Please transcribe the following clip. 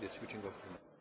dei switching off